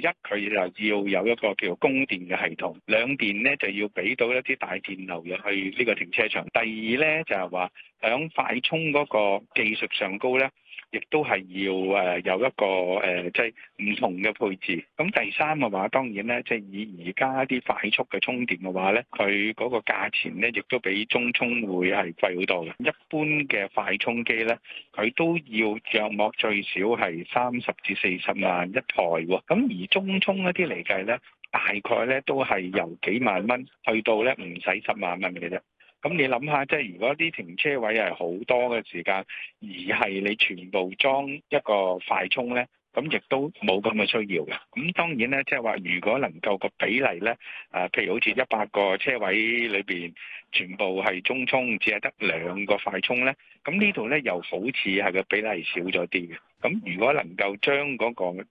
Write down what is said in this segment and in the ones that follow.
一佢又要有一個叫做供電嘅系統，兩電咧就要俾到一啲大電流入去呢個停車場。第二咧就係話響快充嗰個技術上高咧，亦都係要誒有一個誒即係唔同嘅配置。咁第三嘅話當然咧，即係以而家啲快速嘅充電嘅話咧，佢嗰個價錢咧亦都比中充會係貴好多嘅。一般嘅快充機咧，佢都要約莫最少係三十至四十萬一台。咁而中充一啲嚟計呢，大概呢都係由幾萬蚊去到呢唔使十萬蚊嘅啫。咁你諗下，即係如果啲停車位係好多嘅時間，而係你全部裝一個快充呢？咁亦都冇咁嘅需要嘅。咁當然咧，即係話如果能夠個比例呢，誒、啊，譬如好似一百個車位裏邊全部係中充，只係得兩個快充呢，咁呢度呢又好似係個比例少咗啲嘅。咁如果能夠將嗰個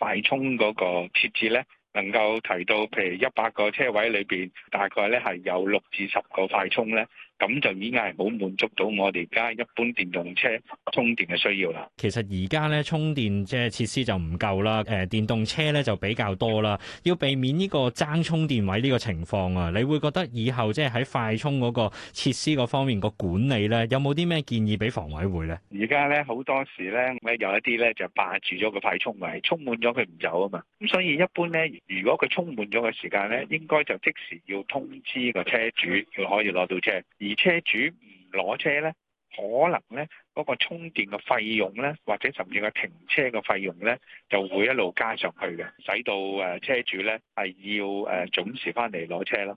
快充嗰個設置呢，能夠提到譬如一百個車位裏邊大概呢係有六至十個快充呢。咁就已經係冇滿足到我哋而家一般電動車充電嘅需要啦。其實而家咧充電即係設施就唔夠啦。誒、呃、電動車咧就比較多啦。要避免呢個爭充電位呢個情況啊，你會覺得以後即係喺快充嗰個設施嗰方面個管理咧，有冇啲咩建議俾房委會咧？而家咧好多時咧，有一啲咧就是、霸住咗個快充位，充滿咗佢唔走啊嘛。咁所以一般咧，如果佢充滿咗嘅時間咧，應該就即時要通知個車主，要可以攞到車。而車主唔攞車呢，可能呢嗰個充電嘅費用呢，或者甚至個停車嘅費用呢，就會一路加上去嘅，使到誒車主呢係要誒準時翻嚟攞車囉。